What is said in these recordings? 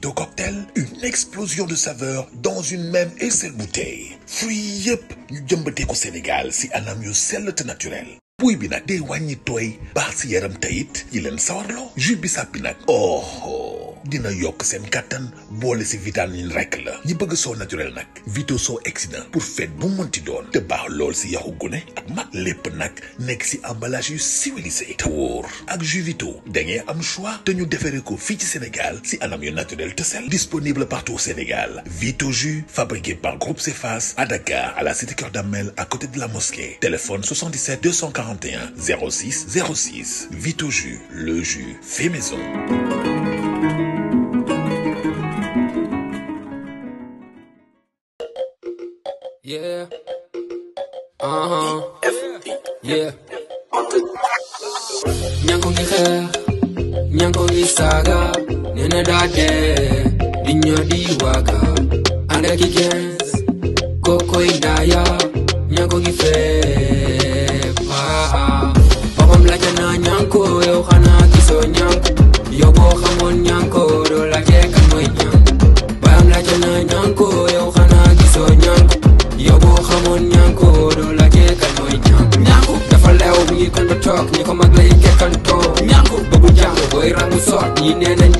de cocktail, une explosion de saveurs dans une même et seule bouteille fruits yep, yëpp ñu Senegal, ko Sénégal si anam yu sell te naturel buy bi nag day wàññi tooy baax si yaram tayit yi leen sawarloo jus bi sàppi nag oh. oh dina yok sen kattan bolé si vitamine rek la ñi bëgg soo naturel nak vito sont accident pour fête bu monti doon te baax lool si yaxu gune ak mag nac. nak nek si emballage civilisé te ak jus vito da am choix te ñu déféré ko fi ci Sénégal si anam yu naturel te sel disponible partout au Sénégal vito jus fabriqué par Groupe Cefas à Dakar à la cité cœur Damel à côté de la mosquée téléphone 77 241 06 06 vito jus le jus fait maison Yeah. Uh huh. Yeah. Nyango kihe, nyango isaga, nene dade, dinyo diwaga, anga kikens, koko indaya, nyanko kife, pa. Papa mlacha na nyanko, yo kana kiso nyanko, yo bo hamon nyanko, do lake kamwe nyanko. Papa mlacha na nyanko, yo ñi ko toog ñi ko mag lay kekkal too ñàngu bëggu jàng booy rangu soot ñi nee nañ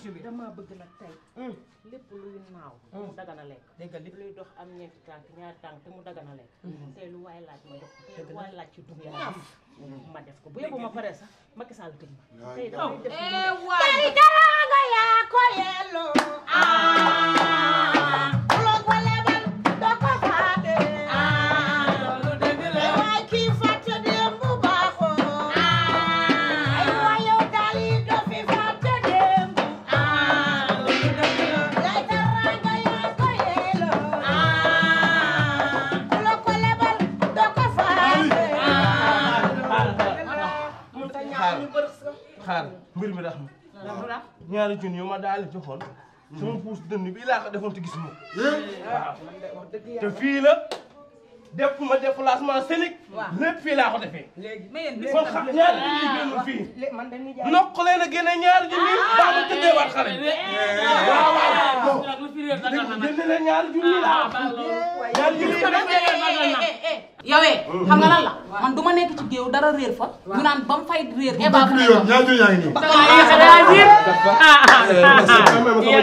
ci bi damaa bëgg nag tey. Hmm. lépp luy naaw. te hmm. mu dagan a lekk. dégg nga li luy dox am ñeenti tànk ñaari tànk te mu dagan a lekk. Hmm. tey lu waay laaj ma jox ko tey waay laaj ci dugub yàlla ma def ma pare sax Macky Sall def lu mu def tey dara nga yaa ko yelloo. Ah. xaar mbir mi rax ma. ñaari junni yu ma daal di joxoon. sama puus dënn bi laa ko defoon te gis ma. waaw te fii la. def ma déplacement Sénégal. lépp fii laa ko defe léegi mais yéen léegi ñaari junni génn fii. nokk leen a ñaari junni. baax na tëddee waat xale. waaw waaw leen ñaari junni laa. ñaari junni yi yow xam nga la. man du ma nekk ci géew dara réer fa. ñu naan ba mu fay réer. eba fa yoon ñaata yaa ngi nii.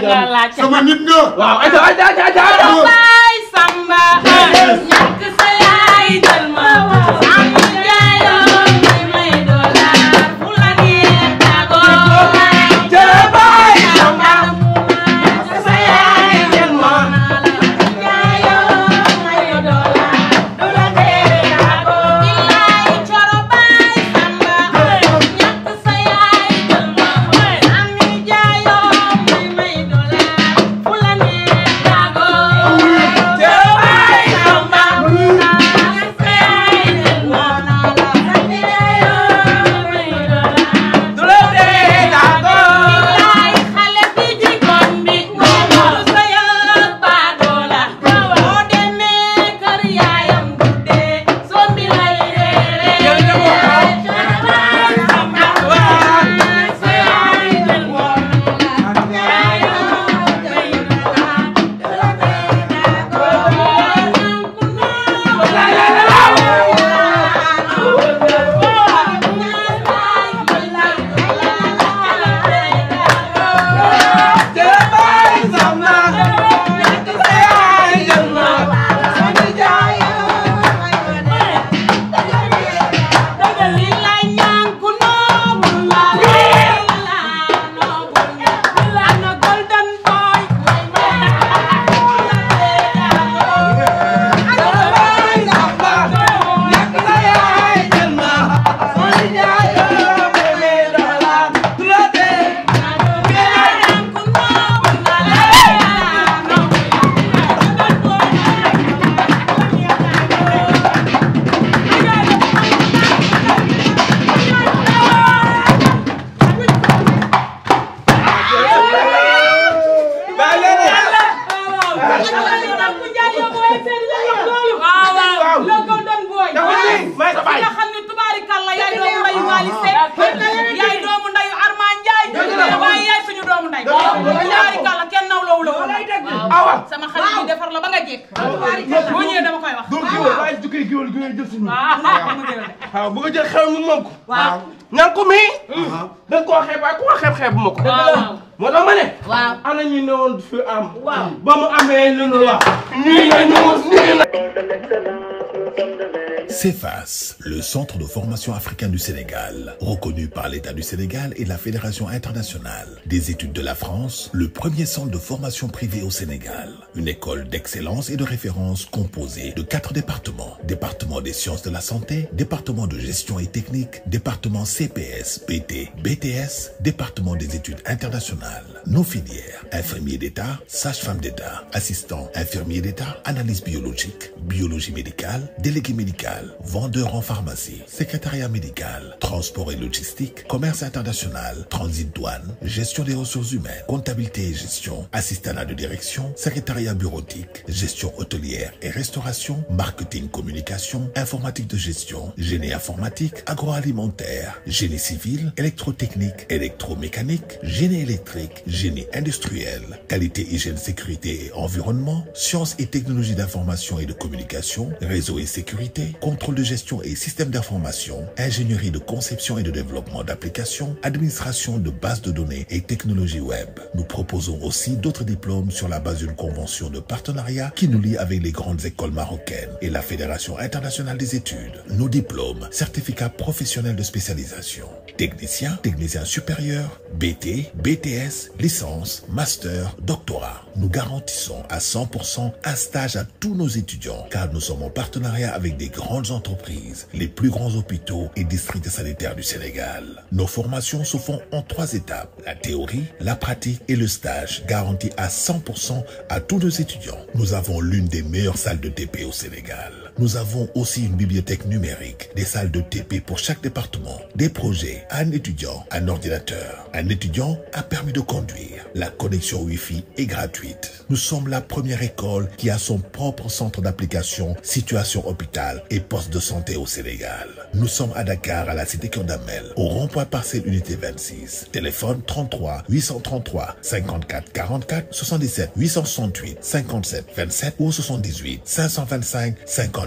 ah sama nit nga. waaw ayca ayca ayca ayca. Samba ñàkk sa yaay jël ma. Waly Seck yaay doomu ndeyu Arma Ndiaye waaye yaay suñu doomu ndey ñaari kàlla kenn naw loowu la woon sama xale bi defar la ba nga jekk boo ñëwee dama koy wax doo giwal waaye jukkee giwal giwal jël suñu waaw bu nga jël xew mu moom ko waaw ñaan ko mi uh-huh. da nga koo xeeb waaye ku ko xeeb xeeb ma ko moo tax ma ne waaw ana ñu ne woon fi am ba mu amee lu ñu wax ñii la ñu ñii la CEFAS, le centre de formation africain du Sénégal, reconnu par l'État du Sénégal et la Fédération internationale des études de la France, le premier centre de formation privée au Sénégal une école d'excellence et de référence composée de quatre départements. Département des sciences de la santé, département de gestion et technique, département CPS, BT, BTS, département des études internationales. Nos filières, infirmiers d'État, sage-femme d'État, assistant infirmier d'État, analyse biologique, biologie médicale, délégué médical, vendeur en pharmacie, secrétariat médical, transport et logistique, commerce international, transit douane, gestion des ressources humaines, comptabilité et gestion, assistant de direction, secrétariat bureautique, gestion hôtelière et restauration, marketing communication, informatique de gestion, génie informatique, agroalimentaire, génie civil, électrotechnique, électromécanique, génie électrique, génie industriel, qualité, hygiène, sécurité et environnement, sciences et technologies d'information et de communication, réseau et sécurité, contrôle de gestion et système d'information, ingénierie de conception et de développement d'applications, administration de bases de données et technologies web. Nous proposons aussi d'autres diplômes sur la base d'une convention de partenariat qui nous lie avec les grandes écoles marocaines et la Fédération internationale des études. Nos diplômes, certificats professionnels de spécialisation, techniciens, technicien supérieurs, BT, BTS, licence, master, doctorat. Nous garantissons à 100% un stage à tous nos étudiants car nous sommes en partenariat avec des grandes entreprises, les plus grands hôpitaux et districts sanitaires du Sénégal. Nos formations se font en trois étapes, la théorie, la pratique et le stage, garantis à 100% à tous nous deux étudiants. Nous avons l'une des meilleures salles de TP au Sénégal. Nous avons aussi une bibliothèque numérique, des salles de TP pour chaque département, des projets, un étudiant, un ordinateur, un étudiant, a permis de conduire. La connexion Wi-Fi est gratuite. Nous sommes la première école qui a son propre centre d'application, situation hôpital et poste de santé au Sénégal. Nous sommes à Dakar, à la cité Condamel, au rond-point parcelle unité 26. Téléphone 33 833 54 44 77 868 57 27 ou 78 525 50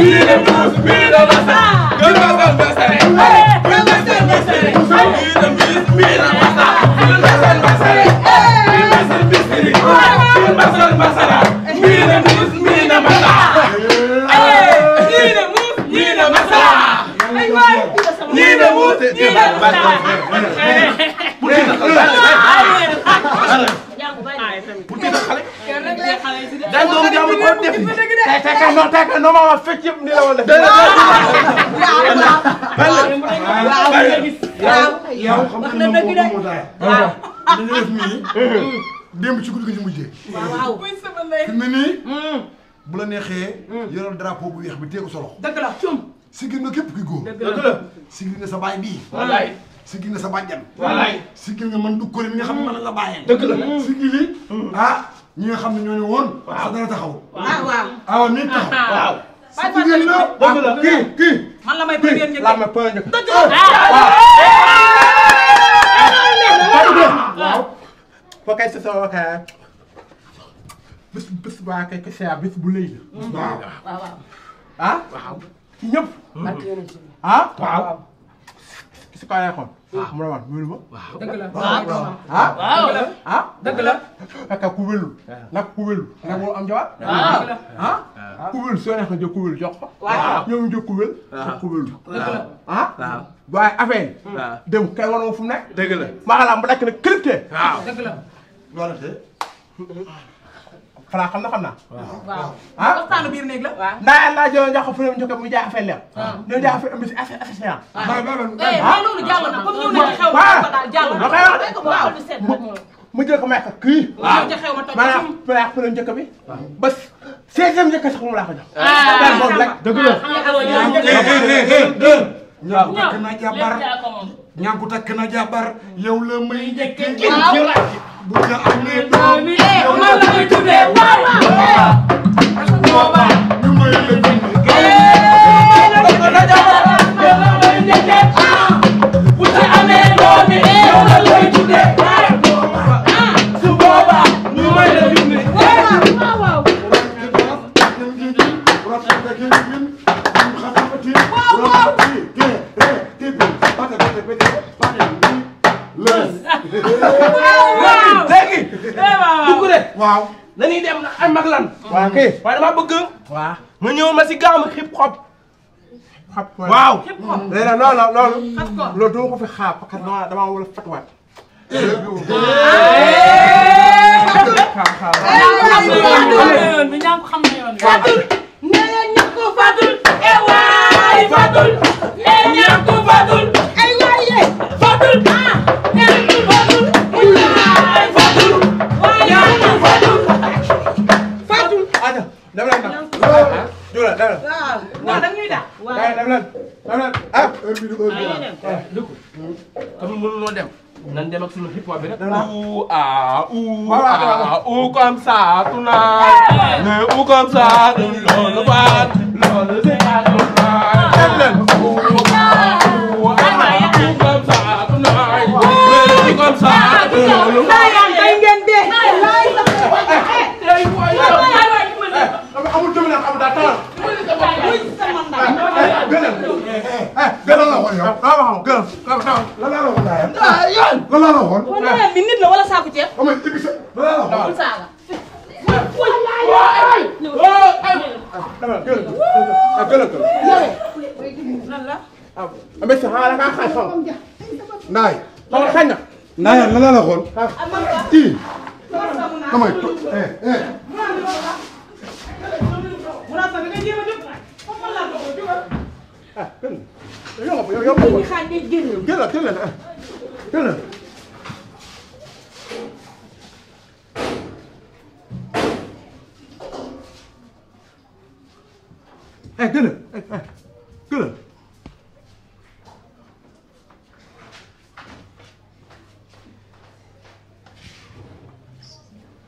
Yine bu bir olası war def tey tey kay non tey kay non yëpp nii la war def. yow xam ne moom moo dara. li nga def nii. démb ci guddi gi ñu mujjee. waaw fi bu la neexee. yoral drapeau bu weex bi téye ko solo. dëgg la nga képp ki góor. dëgg la nga sa baay bii. wallaay. sigil nga sa bàjjan. wallaay sigil nga man du kuréel nga xam ne a la bàyyee. dëgg la sigil ñi nga xam ne ñoo ñu woon. waaw dana taxaw. waaw waaw ah, awa mi taxaw. waaw sa ah. jigéen la dëgg la ah, kii kii. man la may premier njëkk la may premier njëkk. dëgg waaw. waaw. kay sa sa waa kay bés bés kay kese yaa bés bu lëy la. Mm-hmm. waaw waaw. ah. waaw ñëpp. ah waaw. si kaw yaay xool. Ah. mu rawaat wéru ma. waaw dëgg la waaw ah waaw ah. ah dëgg la. naka ah. ku wélul. naka ku wélul. naka ku wélul soo neex nga jël ku wélul jox ko. waaw ñoom ku wél. waaw ah waaye affaire dem kay wan fu mu nekk. dëgg la maa xam bu dakk nag crypté. waaw dëgg la. xanaa xam na xam naa. waaw ah waxtaanu biir néeg la. waaw ndax laa jëloon jox ko fure mu jokkoo muy jaay affaire leer. waaw ñoom jaay affaire am na si affaire affaire ah. Eh, waaw mais loolu jàll na comme ñëw na ci xew ma ah. ko daal jàll na. waaw waaw mu jël ko may ko kii. waaw maanaam maanaam fure njëkk bi. Ah. ba seizième njëkk sax mu laa ko jox. Ah. dëgg la. ñaanku takk na jabar ñaanku takk na jabar yow la may njëkk bu nga amee doom yow la may tuddee waaw waaw ñu may la waaye dama bëgg. waaw nga ñëw ma si gàmm hip hop. waaw. hip hop léegi nag loolu loolu. loolu dama ko fi xaar parce que dama dama war a fatuwaat. xam xam xam Jula dara. waaw non da ñuy dàq. waaw da dem leen dem leen ah. heure bi du heure bi la dugg. comme mënuloo dem. nan dem ak sunu hip hop bi rek. ou ah ou ah ou comme ça tout naan. mais ou comme ça. loolu baat loolu c'est la la waxoon. waaw waaw mi nit la wala saako ceeb. xam nga épice la la la waxoon. naay. xanaa xañ na. naay la la la waxoon. kii. damay to eh eh. ah kenn. yow yow yow. kii xaar day génn. génn génn.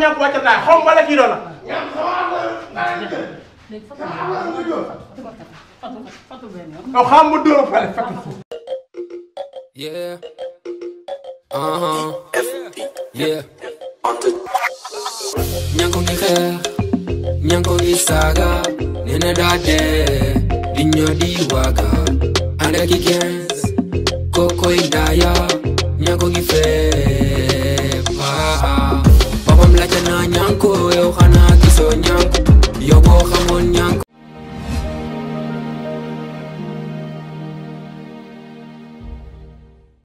그냥 구하셨다. 헝발라 길어라. 야, 사람을 나한테. 사람을 그려. 어, 한번 들어 빨리. Yeah. Uh-huh. Yeah. Nyanko ni khe, nyanko ni saga, nene dade, dinyo di waga, anda kiken,